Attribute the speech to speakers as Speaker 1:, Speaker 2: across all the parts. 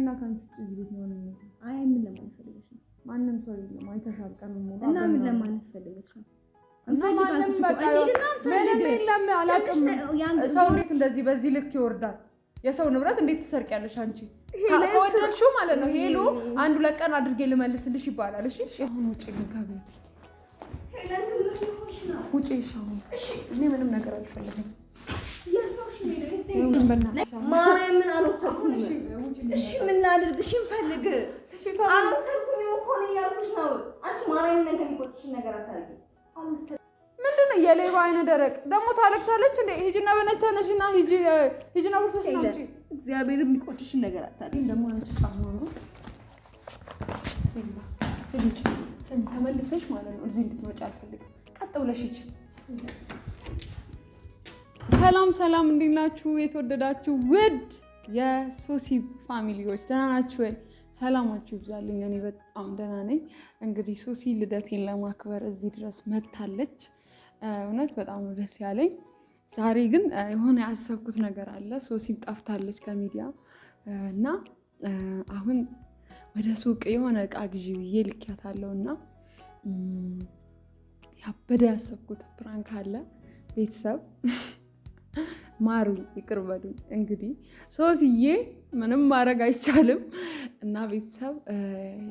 Speaker 1: ከእኔና ከአንቺ ውጪ እዚህ ቤት
Speaker 2: የሆነ አይ ምን ለማለት ፈልገሽ ነው?
Speaker 1: ማንም ሰው የለም። አይተሻል። ቀን
Speaker 2: ሙሉ እና ምን ለማለት ፈልገሽ ነው?
Speaker 1: ሰው እንዴት እንደዚህ በዚህ ልክ ይወርዳል? የሰው ንብረት እንዴት ትሰርቂያለሽ? አንቺ ከወደድሽው ማለት ነው። ሄሎ አንድ ሁለት ቀን አድርጌ ልመልስልሽ ይባላል። እሺ አሁን ውጪ ከቤት ውጪ። እሺ እኔ ምንም ነገር አልፈልግም።
Speaker 2: ማርያምን አልወሰድኩም። እሺ ምን ላድርግ? እሺ እንፈልግ አልወሰድኩም እኮ ነው እያልኩሽ ነው። አንቺ ማርያምን ነገር ይቆጥሽን ነገር አታድርጊ።
Speaker 1: ምንድን ነው የሌባ አይነ ደረቅ ደግሞ ታለቅሳለች እንዴ? ሂጂና በነች ተነሽና ሂጂና ውርሰሽ ነው እንጂ
Speaker 2: እግዚአብሔር የሚቆጥሽን ነገር አታድርጊ።
Speaker 1: ደግሞ ተመልሰሽ ማለት ነው እዚህ እንድትመጪ አልፈልግም። ቀጥ ብለሽ ሂጂ ሰላም ሰላም፣ እንዴት ናችሁ? የተወደዳችሁ ውድ የሶሲ ፋሚሊዎች ደህና ናችሁ ወይ? ሰላማችሁ ይብዛልኝ። እኔ በጣም ደህና ነኝ። እንግዲህ ሶሲ ልደቴን ለማክበር እዚህ ድረስ መጥታለች። እውነት በጣም ደስ ያለኝ። ዛሬ ግን የሆነ ያሰብኩት ነገር አለ። ሶሲ ጠፍታለች ከሚዲያ እና አሁን ወደ ሱቅ የሆነ እቃ ግዢ ብዬ ልኪያታለሁ እና ያበደ ያሰብኩት ፕራንክ አለ ቤተሰብ ማሩኝ፣ ይቅር በሉኝ። እንግዲህ ሶስዬ ምንም ማድረግ አይቻልም እና ቤተሰብ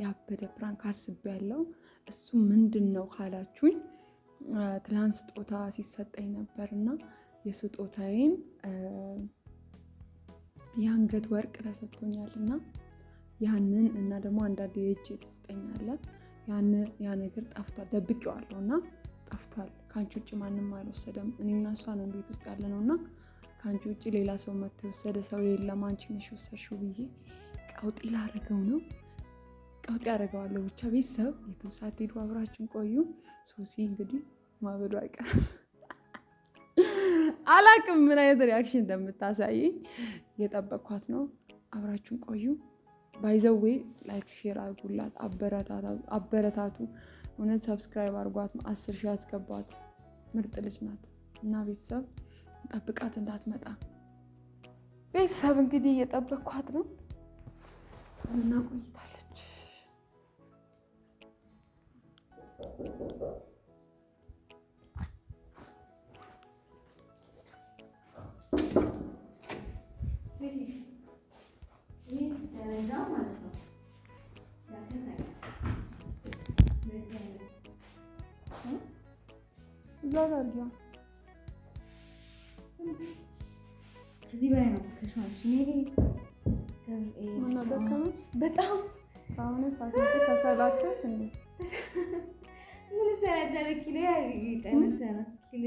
Speaker 1: ያበደ ፕራንክ አስቤያለሁ። እሱ ምንድን ነው ካላችሁኝ ትላንት ስጦታ ሲሰጠኝ ነበር እና የስጦታዬን የአንገት ወርቅ ተሰጥቶኛል እና ያንን እና ደግሞ አንዳንድ የእጅ ተሰጠኛለ ያ ነገር ጠፍቷል፣ ደብቄዋለሁ እና ጠፍቷል። ከአንቺ ውጭ ማንም አልወሰደም። እኔና እሷ ነው ቤት ውስጥ ያለ ነው እና ከአንቺ ውጭ ሌላ ሰው መጥቶ የወሰደ ሰው የለም፣ አንቺ ነሽ የወሰድሽው ብዬ ቀውጢ ላረገው ነው። ቀውጢ ያደረገዋለሁ። ብቻ ቤተሰብ የትም ሳትሄዱ አብራችን ቆዩ። ሶሲ እንግዲህ ማበዱ አይቀርም። አላቅም ምን አይነት ሪያክሽን እንደምታሳይ እየጠበቅኳት ነው። አብራችን ቆዩ። ባይዘዌ ላይክ ሼር አድርጉላት፣ አበረታቱ። እውነት ሰብስክራይብ አድርጓት፣ አስር ሺህ አስገቧት። ምርጥ ልጅ ናት እና ቤተሰብ ጠብቃት እንዳትመጣ። ቤተሰብ እንግዲህ እየጠበቅኳት ነው። ሶልና ቆይታለች። እዛ ጋር ከዚህ በላይ ነው። በጣም ምን
Speaker 2: ሰራጃለ ኪሎ ይቀንሰና ኪሎ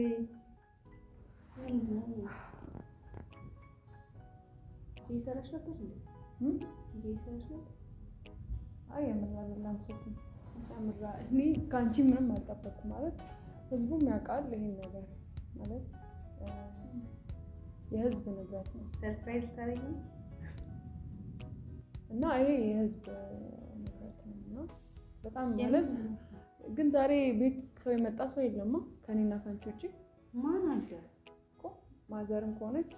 Speaker 2: ይሰራሽ ነበር እንዴ? ነበር?
Speaker 1: አይ የምላላም ሶስ ያምራ። እኔ ከአንቺ ምንም አልጠበኩም ማለት ህዝቡም ያውቃል ይሄን ነገር ማለት የህዝብ ንብረት ነው።
Speaker 2: ሰርፕራይዝ ታሪክ
Speaker 1: እና ይሄ የህዝብ ንብረት ነው እና በጣም ማለት ግን ዛሬ ቤት ሰው የመጣ ሰው የለማ ከኔና ከአንቺ ውጭ ማን አለ ማዘርም ከሆነች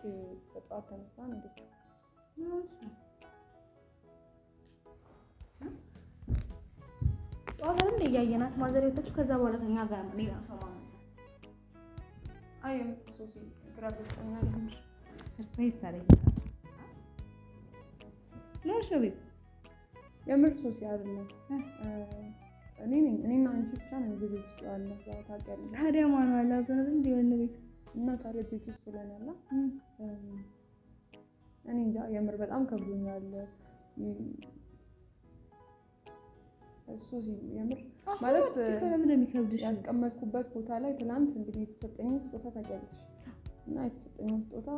Speaker 1: በጠዋት ተነስታ ነው
Speaker 2: ጠዋት አይደል እያየናት ማዘር የወጣችሁ ከዛ በኋላ ከኛ ጋር ነው ሌላ ሰው ማለት
Speaker 1: አይ ሶሲ ግራ ገብቶኛል
Speaker 2: ሰርፕራይዝ ታደርጊያለሽ።
Speaker 1: ለእርሾ ቤት የምር ሶሲ አይደለም እኔ ነኝ። እኔና አንቺ ብቻ ነው እዚህ ቤት ውስጥ ያለ
Speaker 2: ታውቂያለሽ። ታዲያ ማን አለ አብረን እንዲሆን ቤት
Speaker 1: እና ታዲያ ቤት ውስጥ ብለን ያለ እኔ እንጃ የምር በጣም ከብዶኛል። እሱ የምር ማለት ያስቀመጥኩበት ቦታ ላይ ትናንት እንግዲህ የተሰጠኝ ስጦታ ታውቂያለሽ እና የተሰጠኝን ስጦታ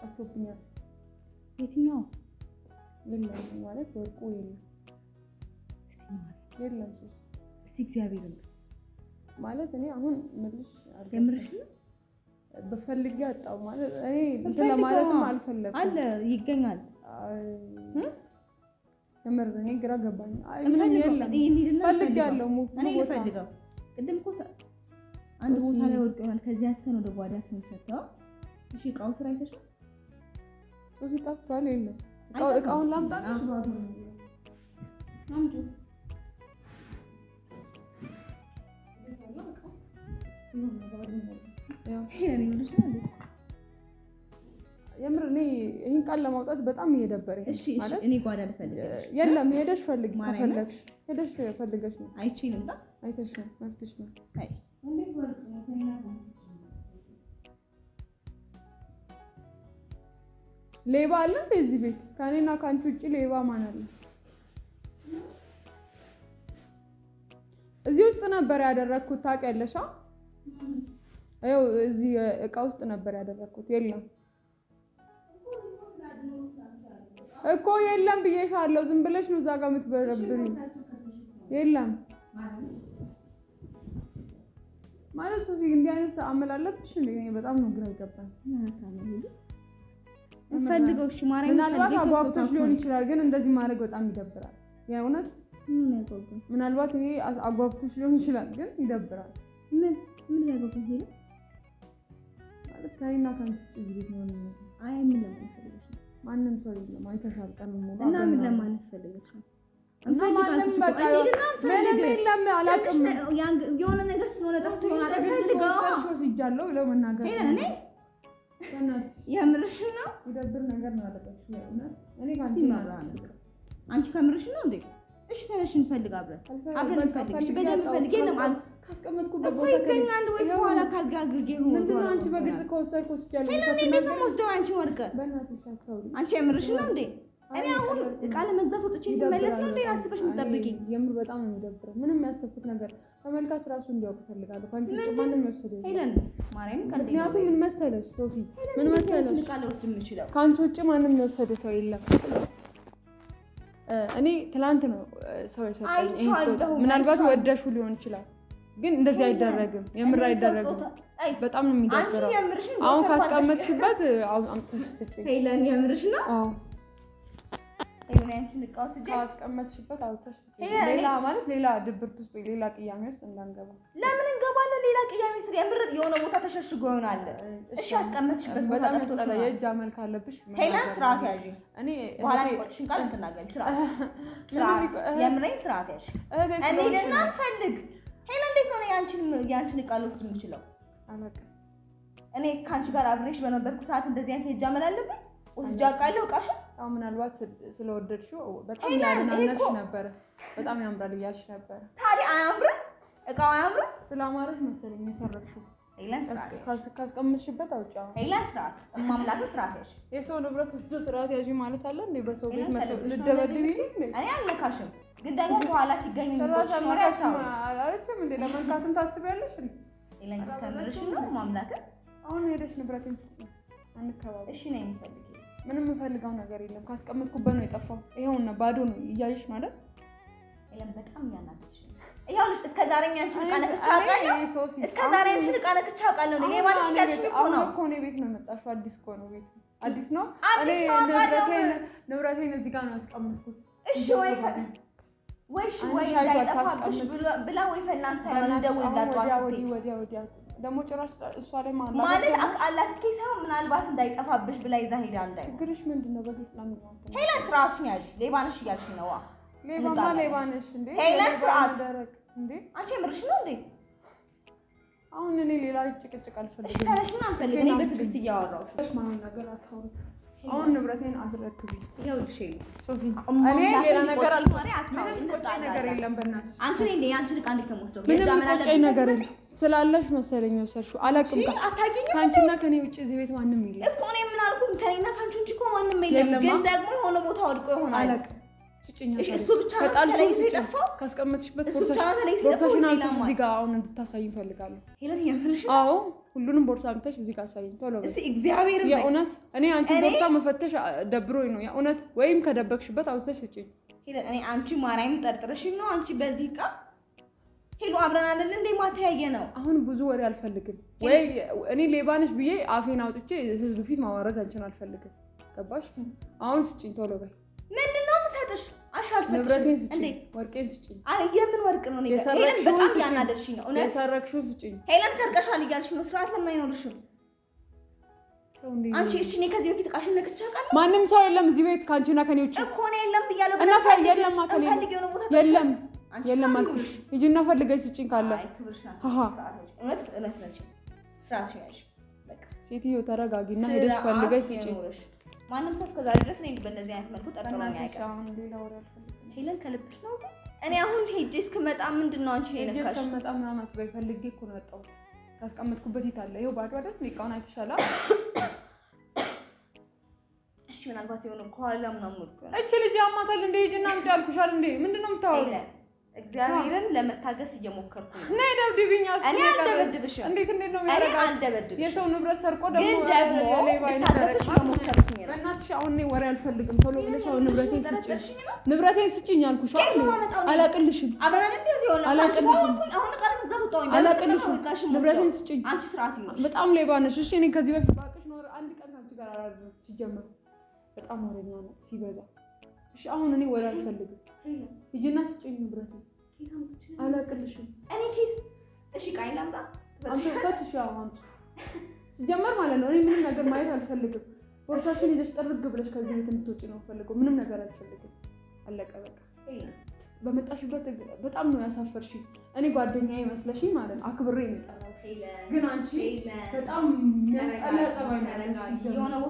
Speaker 1: ጠፍቶብኛል። የትኛው የለም ማለት ወርቁ የለም የለም። ሶስት
Speaker 2: እስቲ እግዚአብሔር
Speaker 1: ማለት እኔ አሁን ምልሽ የምርሽ ነው በፈልጌ ማለት እኔ
Speaker 2: እንትን ለማለትም አልፈለኩም። አለ ይገኛል።
Speaker 1: የምር እኔ ግራ ገባኝ።
Speaker 2: ምንም የለም
Speaker 1: ፈልጌ አለው ሞ
Speaker 2: እኔ ፈልገው ቅድም እኮ አንድ ቦታ ላይ ወድቆ ይሆናል። ከዚህ አንስተን ወደ ጓዳ ስንፈታው፣ እሺ እቃው ስራ አይተሻል።
Speaker 1: እዚህ ጠፍቷል። የለም እቃውን ላምጣ የምር እኔ ይህን ቃል ለማውጣት በጣም እየደበረኝ።
Speaker 2: እኔ ጓዳ ልፈልግ
Speaker 1: የለም፣ ሄደሽ ፈልግ፣ ከፈለግሽ ሄደሽ ፈልገሽ
Speaker 2: ነው። አይቼ ልምጣ።
Speaker 1: አይተሽ ነው መፍትሽ ነው። ሌባ አለ እዚህ ቤት? ከኔና ከአንቺ ውጭ ሌባ ማን አለ? እዚህ ውስጥ ነበር ያደረግኩት። ታውቂያለሽ? ይኸው እዚህ እቃ ውስጥ ነበር ያደረግኩት። የለም እኮ የለም ብዬሻለሁ። ዝም ብለሽ ነው እዛ ጋር የምትበረብሪው። የለም ማለት እዚህ እንዲህ አይነት አመላለፍሽ እኔ በጣም ነው ግራ ይገባል።
Speaker 2: እንፈልገው እሺ፣ ማርያም
Speaker 1: ምናልባት አጓጉቶች ሊሆን ይችላል፣ ግን እንደዚህ ማድረግ በጣም ይደብራል። የእውነት ምናልባት ይሄ አጓጉቶች ሊሆን ይችላል፣ ግን ይደብራል።
Speaker 2: ምን ምን ያደርጉ ይሄ
Speaker 1: ማለት ከእኔና ከአንቺ እዚህ ቤት
Speaker 2: ነው ነው። አይ ምን ለማለት ፈልገሽ?
Speaker 1: ማንም ሰው የለም አይተሻል። ቀን
Speaker 2: ሙሉ እና ምን ለማለት ፈልገሽ? የሆነ ነገር ስለሆነ ጠፍቶ
Speaker 1: ይሆናል። ወስጃለሁ ለመናገር
Speaker 2: እኔ የምርሽን ነው።
Speaker 1: ይደብር ነገር
Speaker 2: አንቺ ከምርሽ ነው እንዴ? እሺ ተነሽ፣ እንፈልግ አብረን አብረን እንፈልግ። እሺ በደንብ ፈልግ። የለም
Speaker 1: አል ካስቀመጥኩበት
Speaker 2: ቦታ ይገኛል ወይ በኋላ ካልጋግርጌ
Speaker 1: ነው። ምንድን ነው አንቺ በግልጽ ከወሰድኩ
Speaker 2: ወስጃለሁ። ሄለን እንዴት ነው የምወስደው? አንቺ ወርቀ አንቺ የምርሽ ነው እንዴ? እኔ አሁን እቃ ለመግዛት ወጥቼ ሲመለስ ነው እንዴ አስበሽ የምትጠብቂኝ?
Speaker 1: የምር በጣም ነው የሚደብረው። ምንም ያሰብኩት ነገር ተመልካች ራሱ እንዲያውቅ ፈልጋለሁ። ኳንቲ ማንም መሰለኝ
Speaker 2: ሄለን ማርያም
Speaker 1: ካንተ ምክንያቱም ምን መሰለሽ ሶፊ፣ ምን መሰለሽ እቃ ለውስጥ የምችለው ከአንቺ ውጭ ማንም የወሰደ ሰው የለም። እኔ ትላንት ነው ሰው
Speaker 2: የሰጠኝ። ይሄ ስጦታ
Speaker 1: ምናልባት ወደሹ ሊሆን ይችላል፣ ግን እንደዚህ አይደረግም። የምር አይደረግም። በጣም ነው የሚደብረው። አሁን ካስቀመጥሽበት አምጥተሽ
Speaker 2: ስጪኝ ሄለን። የምርሽ ነው? አዎ ያንቺን እቃ ወስጄ
Speaker 1: አስቀመጥሽበት አውጥተሽ ሌላ ማለት ሌላ ድብርት ውስጥ ሌላ ቅያሜ ውስጥ እንዳንገባ።
Speaker 2: ለምን እንገባለን ሌላ ቅያሜ ውስጥ? የምር የሆነ ቦታ ተሸሽጎ ይሆናል። እሺ አስቀመጥሽበት
Speaker 1: ቦታ ጠፍቶሽ የእጅ አመልክ አለብሽ
Speaker 2: ሄለን። ስርዓት ያዥ። እኔ በኋላ ቆጭሽን ቃል እንትናገል ስርዓት ስርዓት፣ የምሬን ስርዓት ያዥ። እኔ ልና ፈልግ ሄለን። እንዴት ነው ያንቺን ያንቺን እቃ ልወስድ የምችለው? እኔ ከአንቺ ጋር አብሬሽ በነበርኩ ሰዓት እንደዚህ አይነት የእጅ አመል አለብኝ ወስጃ ቃለው እቃሽን
Speaker 1: አሁን ምናልባት ስለወደድሽው በጣም ያደናነቅሽ ነበረ። በጣም ያምራል እያልሽ ነበረ።
Speaker 2: ታዲያ አያምርም? እቃው አያምርም?
Speaker 1: ስለአማረሽ መሰለኝ የሰረግሽው። ካስቀምጥሽበት አውጪ።
Speaker 2: ስርዓት እማምላክ ስርዓት።
Speaker 1: የሰው ንብረት ወስዶ ስርዓት ያዥ ማለት አለ እንዴ? በሰው ቤት ልደበድብ
Speaker 2: እኔ አልነካሽም፣ ግን ደግሞ በኋላ ሲገኝ
Speaker 1: አለችም እንዴ? ለመንካትም ታስቢያለሽ?
Speaker 2: ከምርሽ ነው ማምላክን።
Speaker 1: አሁን ሄደሽ ንብረቴን ስጭኝ፣ አንከባበል።
Speaker 2: እሺ ነው የሚፈልግ
Speaker 1: ምንም የምፈልገው ነገር የለም። ካስቀመጥኩበት ነው የጠፋው። ይኸውና ባዶ ነው እያየሽ ማለት
Speaker 2: አይደል? የለም በጣም እያናደድሽ ነው። ይኸውልሽ እስከ ዛሬ አንቺን ዕቃ ነክቼ አውቃለሁ። እስከ ዛሬ አንቺን ዕቃ ነክቼ አውቃለሁ። እኔ ባልሽ እያልሽ እኮ
Speaker 1: ነው። አሁን እኮ እኔ ቤት ነው የመጣሽው። አዲስ እኮ ነው ቤት አዲስ ነው። እኔ ንብረቴን እዚህ ጋር ነው ያስቀመጥኩት።
Speaker 2: እሺ ወይ ፈቅድ ወይ ወይ እንዳይጠፋብሽ ብላ ወይ ፈናንስ
Speaker 1: ታይሆን ደውልላት ወዲያ ደግሞ ጭራሽ እሷ ላይ
Speaker 2: ማለት ማለት አላት ሳይሆን ምናልባት እንዳይጠፋብሽ ብላ ይዛ ሄዳ
Speaker 1: እንዳይ ችግርሽ ምንድን ነው? በግልጽ ነው
Speaker 2: የሚሆን። ሄለን ስርዓትሽ ነው ሌባ ነሽ እያልሽ ነው።
Speaker 1: ሌባማ ሌባ ነሽ እንዴ
Speaker 2: ሄለን። ስርዓት እንዴ አንቺ የምርሽ ነው እንዴ?
Speaker 1: አሁን እኔ ሌላ ጭቅጭቅ
Speaker 2: አልፈልግም። ተረሽን አልፈልግም። እኔ በትዕግስት እያወራሁሽ
Speaker 1: ማን ነገር አታውሪ። አሁን ንብረቴን አስረክቢ። ይኸውልሽ እኔ ሌላ ነገር አልፈልግም። ምንም ቆጨኝ ነገር የለም። በእናትሽ
Speaker 2: አንቺ እኔ አንቺ ልቃ እንዴት ነው የምወስደው?
Speaker 1: ምንም ቆጨኝ ነገር የለም። ስላለሽ መሰለኝ ወሰድሽው። አላውቅም ከአንቺና ከኔ ውጭ እዚህ ቤት ማንም የለም
Speaker 2: እኮ። እኔ ምን አልኩኝ? ከኔና ከአንቺ ውጭ እኮ ማንም የለም። ግን ደግሞ የሆነ ቦታ ወድቆ ይሆናል። እሱ
Speaker 1: ብቻ ተለይቶ የጠፋው። ካስቀመጥሽበት ቦርሳሽን አምጥተሽ እዚህ ጋር አሁን እንድታሳይ
Speaker 2: እፈልጋለሁ።
Speaker 1: አዎ ሁሉንም ቦርሳ አምጥተሽ እዚህ ጋር አሳይኝ ቶሎ እግዚአብሔር የእውነት እኔ አንቺ ቦርሳ መፈተሽ ደብሮኝ ነው የእውነት። ወይም ከደበቅሽበት አውጥተሽ ስጭኝ።
Speaker 2: አንቺ ጠርጥረሽኝ ነው አንቺ በዚህ ዕቃ ሄሎ አብረን አይደል እንዴ ማታ ነው።
Speaker 1: አሁን ብዙ ወሬ አልፈልግም። ወይ እኔ ሌባንሽ ብዬ አፌን አውጥቼ ህዝብ ፊት ማዋረድ አንቺን አልፈልግም። ገባሽ? አሁን ስጭኝ ቶሎ በይ።
Speaker 2: ምንድን ነው የምሰጥሽ? አሻልፈሽ
Speaker 1: ንብረቴን ስጭኝ፣ ወርቄን ስጭኝ።
Speaker 2: የምን ወርቅ ነው? ሄለን በጣም ያናደድሽኝ ነው እውነት።
Speaker 1: የሰረቅሽው ስጭኝ።
Speaker 2: ሄለን ሰርቀሻል እያልሽ ነው። ስርዓት ለምን አይኖርሽም? አንቺ እሺ፣ እኔ ከዚህ በፊት እቃሽን ነክቼ አውቃለሁ?
Speaker 1: ማንም ሰው የለም እዚህ ቤት ከአንቺና ከኔ ውጭ እኮ ነው። የለም ብያለሁ እና የለም የለም የለም አልኩሽ። ሂጂና ፈልገሽ ስጪኝ ካለ ሴትዮ ተረጋጊና ሄደሽ ፈልገሽ ስጪኝ።
Speaker 2: ማንም ሰው እስከዛሬ ድረስ እኔ በእንደዚህ አይነት መልኩ ጠርጥሮኝ አያውቅም። ሄለን ከልብሽ ነው። እኔ አሁን ሄጄ እስክመጣ ምንድን ነው አንቺ
Speaker 1: ሄጄ እስክመጣ ምናምን አትበይ። ፈልጌ እኮ ነው የመጣሁት። ያስቀመጥኩበት ይታለ አለ? ይኸው ባዶ አይደል? እቃውን አይተሻላ።
Speaker 2: እሺ ምናልባት የሆነ ከኋላ ምናምን
Speaker 1: እቺ ልጅ አማታል እንደ ሂጂና ምጫ አልኩሻል እንደ ምንድን ነው
Speaker 2: የምታወሪው? እግዚአብሔርን ለመታገስ እየሞከርኩ
Speaker 1: ነው። ነይ ደብድብኝ።
Speaker 2: እኔ አልደበድብሽም። እንዴት እንዴት ነው የሚያደርጋት? እኔ አልደበድብሽም።
Speaker 1: የሰው ንብረት ሰርቆ ደግሞ ግን ልታገስሽ እየሞከርኩኝ ነው። በእናትሽ አሁን እኔ ወሬ አልፈልግም። ቶሎ ብለሽ አሁን ንብረቴን ስጭኝ፣ ንብረቴን ስጭኝ አልኩሽ። አሁን አላቅልሽም፣ አላቅልሽም። ንብረቴን ስጭኝ። በጣም ሌባ ነሽ። እሺ እኔ ከዚህ በፊት ባቅሽ ኖር አንድ ቀን አንቺ ጋር አላደርም። ሲጀምር በጣም ወሬኛ ነው ሲበዛ። እሺ አሁን እኔ ወሬ አልፈልግም። ሂጂና ስጭኝ ንብረቴን አላቅልሽም
Speaker 2: ሲጀመር
Speaker 1: ማለት ነው እኔ ምንም ነገር ማየት አልፈልግም ቦርሳሽን ይዘሽ ጠርግ ብለሽ ከዚህ ቤት እንድትወጪ ነው ፈልገው ምንም ነገር አልፈልግም አለቀ በቃ በመጣሽበት በጣም ነው ያሳፈርሽ እኔ ጓደኛ ይመስለሽ ማለት ነው አክብሬ ይመጣል ግን አንቺ በጣም የሚያስጠላ ጠባይ
Speaker 2: ነው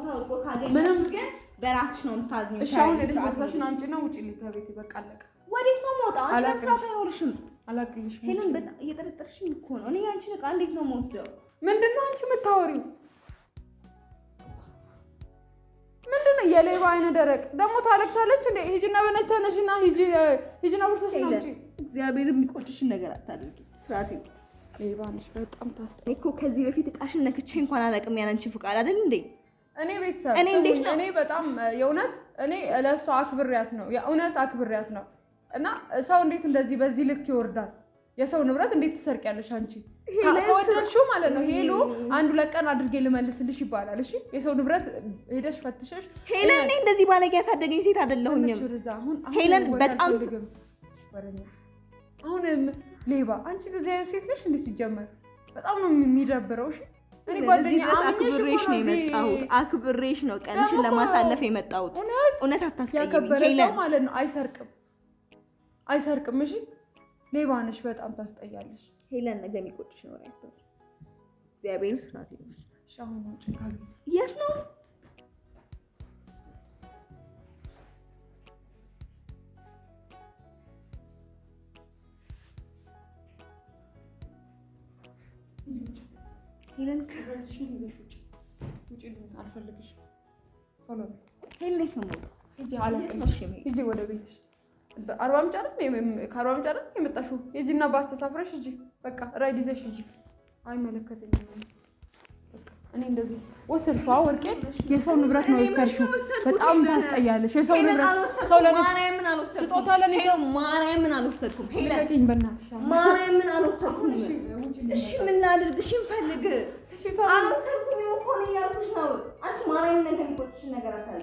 Speaker 2: ምንም ግን በራስሽ ነው የምታዝኝ
Speaker 1: እሺ አሁን ቦርሳሽን አምጪና ውጭ ከቤት በቃ አለቀ
Speaker 2: ወዴት ነው መውጣ? አንቺ ለመስራት አይኖርሽም። አላገኝሽ ሄለን በጣም እየጠረጠርሽኝ እኮ ነው። እኔ አንቺ ዕቃ እንዴት ነው መወስደው?
Speaker 1: ምንድነው አንቺ የምታወሪው? ምንድነው የሌባ አይነ ደረቅ ደግሞ ታለቅሳለች እንዴ? ሂጂና በነሽ ተነሽና ሂጂና ወርሰሽ ነው እንጂ
Speaker 2: እግዚአብሔር የሚቆጭሽን ነገር አታደርጊ።
Speaker 1: ስራቴ ሌባ ነሽ። በጣም ታስጠ
Speaker 2: እኮ ከዚህ በፊት ዕቃሽን ነክቼ እንኳን አላቅም። ያንቺን ፍቃድ አይደል እንዴ?
Speaker 1: እኔ ቤተሰብ እኔ በጣም የእውነት እኔ ለእሷ አክብሪያት ነው የእውነት አክብሪያት ነው እና ሰው እንዴት እንደዚህ በዚህ ልክ ይወርዳል? የሰው ንብረት እንዴት ትሰርቂያለሽ? አንቺ ከወደድሽው ማለት ነው። ሄሎ አንድ ሁለት ቀን አድርጌ ልመልስልሽ ይባላል። እሺ የሰው ንብረት ሄደሽ ፈትሸሽ።
Speaker 2: ሄለን እኔ እንደዚህ ባለጌ ያሳደገኝ ሴት አይደለሁኝም። ሄለን በጣም
Speaker 1: አሁን ሌባ አንቺ እንደዚህ አይነት ሴት ነሽ እንዴ? ሲጀመር በጣም ነው የሚደብረው። እሺ
Speaker 2: እኔ አክብሬሽ ነው የመጣሁት። አክብሬሽ ነው ቀንሽን ለማሳለፍ የመጣሁት። እውነት
Speaker 1: አታስቀይም። ሄለን ማለት ነው አይሰርቅም አይሰርቅም። እሺ ሌባ ነሽ፣ በጣም ታስጠያለሽ።
Speaker 2: ሄለን ነገ የሚቆጭሽ ነው። እግዚአብሔር ስራት የት ነው ሄለን?
Speaker 1: ከእራስሽን ይዘሽ ውጭ ሄለን ነው ወደ ቤትሽ አርባ ምንጭ ከአርባ ምንጭ አይደል የመጣሽው? የዚህና ባስ ተሳፍረሽ ሂጂ። በቃ ራይድ ይዘሽ ሂጂ። አይመለከተኝም። እኔ እንደዚህ ወሰድሽው፣ ወርቄ የሰው ንብረት ነው የወሰድሽው። በጣም ታስጠያለሽ። የሰው ንብረት ስጦታ እሺ ነው
Speaker 2: አንቺ ነገር ነገር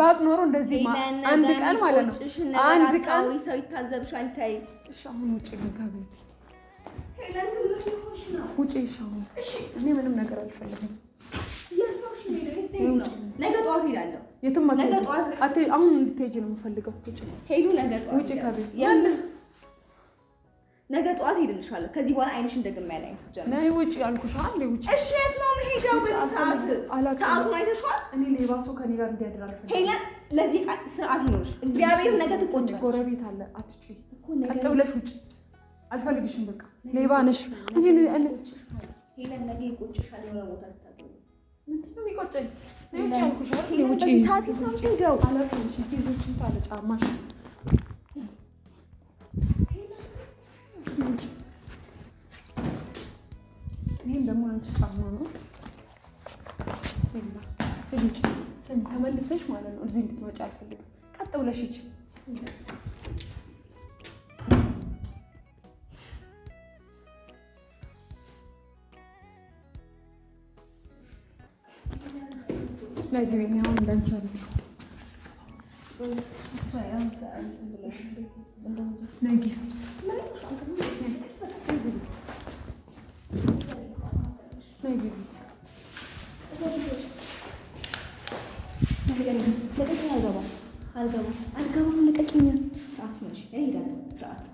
Speaker 1: ባቅ ኖሮ እንደዚህ አንድ ቀን ማለት ነው። አንድ ቀን
Speaker 2: ሰው ይታዘብሻል። ተይ
Speaker 1: እሺ፣ አሁን ውጪ ከቤት ውጪ። እሺ፣ አሁን እኔ ምንም ነገር አልፈልግም።
Speaker 2: ነገ ጠዋት እሄዳለሁ።
Speaker 1: የትም አትሄጂም። አሁን እንድትሄጂ ነው የምፈልገው። ውጭ
Speaker 2: ውጪ፣ ውጭ ከቤት ነገ ጠዋት ሄድልሻለሁ። ከዚህ በኋላ አይንሽን ደግሜ ያለ አይነት
Speaker 1: ጀምር። ውጭ ያልኩሽ አንዴ
Speaker 2: ውጭ። እሺ፣ የት ነው የምሄደው? በዚህ ሰዓት ሰዓቱን አይተሽዋል።
Speaker 1: እኔ ሌባ ሰው ከኔ ጋር እንዲያድር
Speaker 2: አልፈልግም። ሄለን፣ ለዚህ ስርዓት ይኖርሽ። እግዚአብሔር ነገ ትቆጭ።
Speaker 1: ጎረቤት አለ፣ አትጩይ። ቀጥ ብለሽ ውጭ። አልፈልግሽም። በቃ ሌባ ነሽ እንጂ ሄለን፣
Speaker 2: ነገ ይቆጭሻል። የሆነ ቦታ ስታገ
Speaker 1: ምንድን ነው የሚቆጨኝ? ሰዓት የት ነው የምሄደው? አላውቅም። ጫማሽ ይህም ደግሞ አንቺ ነው ተመልሰሽ ማለት ነው። እዚህ እንድትመጪ አልፈልግም። ቀጥ ብለሽ ሂጂ። አልገባም። ልቀቂኝ።
Speaker 2: ስርዓት ነሽ። እኔ ሄዳለሁ። ስርዓት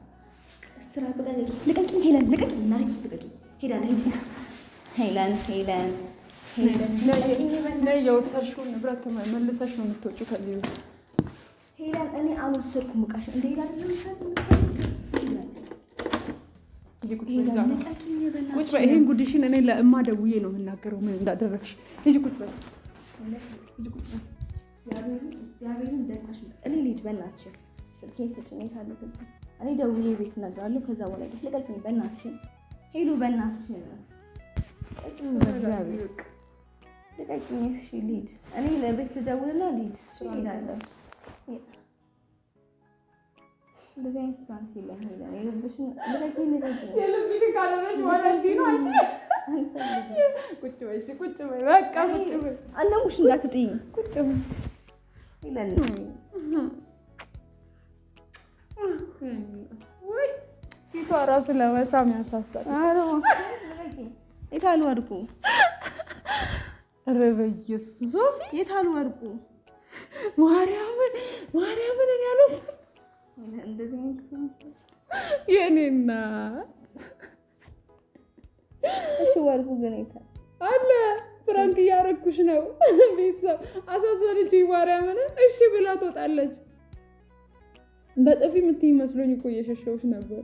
Speaker 2: ስራ ልቀቂኝ። ሄለን ልቀቂኝ። ና ልቀቂኝ። ሄዳለሁ። ሂጂ ሄለን ሄለን ሄለን አልወሰድኩም እቃሽ እንደ ይላል
Speaker 1: ይሄን ጉድሽን እኔ ለእማ ደውዬ ነው የምናገረው። ምን እንዳደረግሽ ልጅ ቁጭ በል
Speaker 2: እኔ ልሂድ፣ በእናትሽ ስልኬን ስጭኝ። የት አለ እኔ ደውዬ ቤት እነግረዋለሁ። ከዛ በኋላ ግን ልቀቂኝ፣ በእናትሽ ሄሉ፣ በእናትሽ ልቀቂኝ፣ በእግዚአብሔር ልቀቂኝ። እሺ ልሂድ፣ እኔ ለቤት ልደውልና ልሂድ፣ እሄዳለሁ እንደዚህ አይነት ፕራንክ የለም።
Speaker 1: የልብሽን ካልሆነች በኋላ እንዲህ ነው አንቺ ቁጭ በይ ቁጭ በይ በቃ ቁጭ በይ
Speaker 2: አለሙሽ እንዳትጥይኝ ቁጭ በይ ይላል።
Speaker 1: ፊቷ እራሱ ለመሳም ያሳሳል።
Speaker 2: ኧረ የት አሉ ወርቁ?
Speaker 1: ኧረ በኢየሱስ
Speaker 2: ሶፊ የት አሉ ወርቁ?
Speaker 1: ማርያምን ማርያምን እኔ አልወሰድኩም የኔ እናት
Speaker 2: እሺ፣ ወርቁ ግን
Speaker 1: አለ ፍራንክ እያረኩሽ ነው። ቤተሰብ አሳዘነች ማርያምን። እሺ ብላ ትወጣለች። በጥፊ የምትይ መስሎኝ እኮ እየሸሸሁሽ ነበር።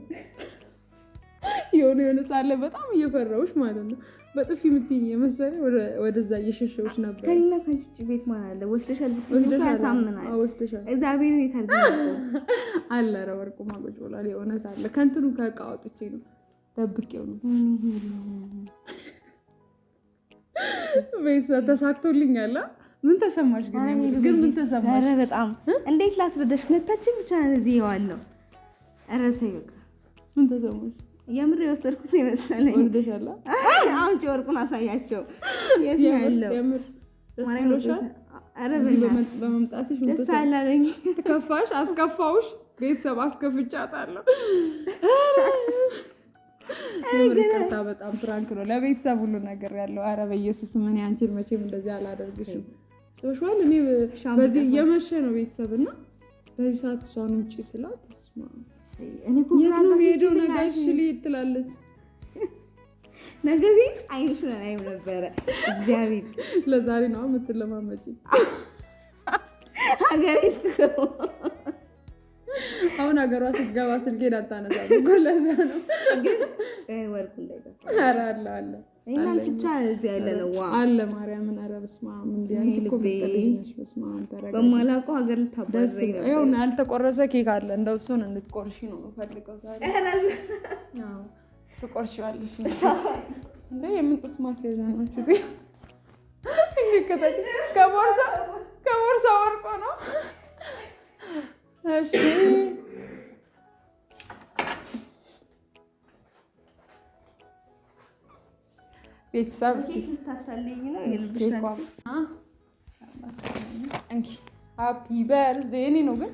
Speaker 1: የሆነ የሆነ ሳለ በጣም እየፈራሁሽ ማለት ነው። በጥፊ የምትይኝ የመሰለ ወደዛ እየሸሸሁሽ ነበር።
Speaker 2: ከሌላ ከጭጭ ቤት ማለለ አለ ወስደሻል፣ ያሳምናል። እግዚአብሔር ይታል
Speaker 1: አለ ኧረ ወርቁ ማጎጭ ብሏል። የእውነት አለ ከንትኑ ከዕቃ አውጥቼ ነው ደብቄው ነው ቤተሰብ ተሳክቶልኛል። ምን ተሰማሽ ግን? ምን ተሰማሽ? ኧረ በጣም እንዴት ላስረዳሽ? ሁለታችን ብቻ እዚህ የዋለው ኧረ ተይ በቃ ምን ተሰማሽ? የምር የወሰድኩት የመሰለኝ አሁን ወርቁን አሳያቸው። የት ነው ያለው? በመምጣትሽ ደስ አላለኝ። ከፋሽ? አስከፋውሽ? ቤተሰብ አስከፍቻታለሁ። ይቅርታ፣ በጣም ፍራንክ ነው ለቤተሰብ ሁሉ ነገር ያለው። አረ በኢየሱስ ምን አንቺን መቼም እንደዚህ አላደርግሽም። ጽሽዋል እኔ በዚህ እየመሸ ነው ቤተሰብ እና በዚህ ሰዓት እሷን ውጪ ስላት የት ነው ነጋሽ ልሂድ ትላለች። ነገር ግን ነበረ። እግዚአብሔር ለዛሬ ነው የምትለማመጪ ሀገሬ እስክገባ አሁን ሀገሯ ስትገባ ስልኬን አታነሳም እኮ ለዛ ነው ግን ላይ አለ አለ አለ ማርያምን። ኧረ በስመ በማላውቀው ሀገር ልታባዘኝ ነው። ያልተቆረሰ ኬክ አለ። እንደው እሱን እንድትቆርሺ ነው የምፈልገው ትቆርሺዋለሽ እንዴ? የምንጥስ ማስያዣ ነው ከቦርሳ ወርቆ ነው። እሺ ቤተሰብ እስቲ ሃፒ በርዝ እኔ ነው ግን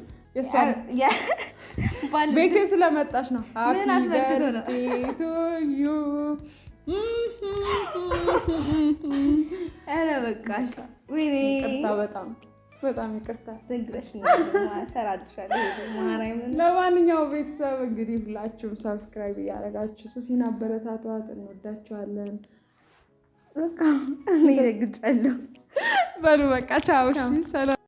Speaker 1: ቤቴ ስለመጣች ነው። ሃፒ በርዝ ቱ ዩ ኧረ በቃ ይቅርታ፣ በጣም በጣም ይቅርታ። ለማንኛውም ቤተሰብ እንግዲህ ሁላችሁም ሰብስክራይብ እያደረጋችሁ ሱሲን አበረታቷት። እንወዳችኋለን። በቃ እኔ ነግጫለሁ። በሉ በቃ ቻው። ሰላም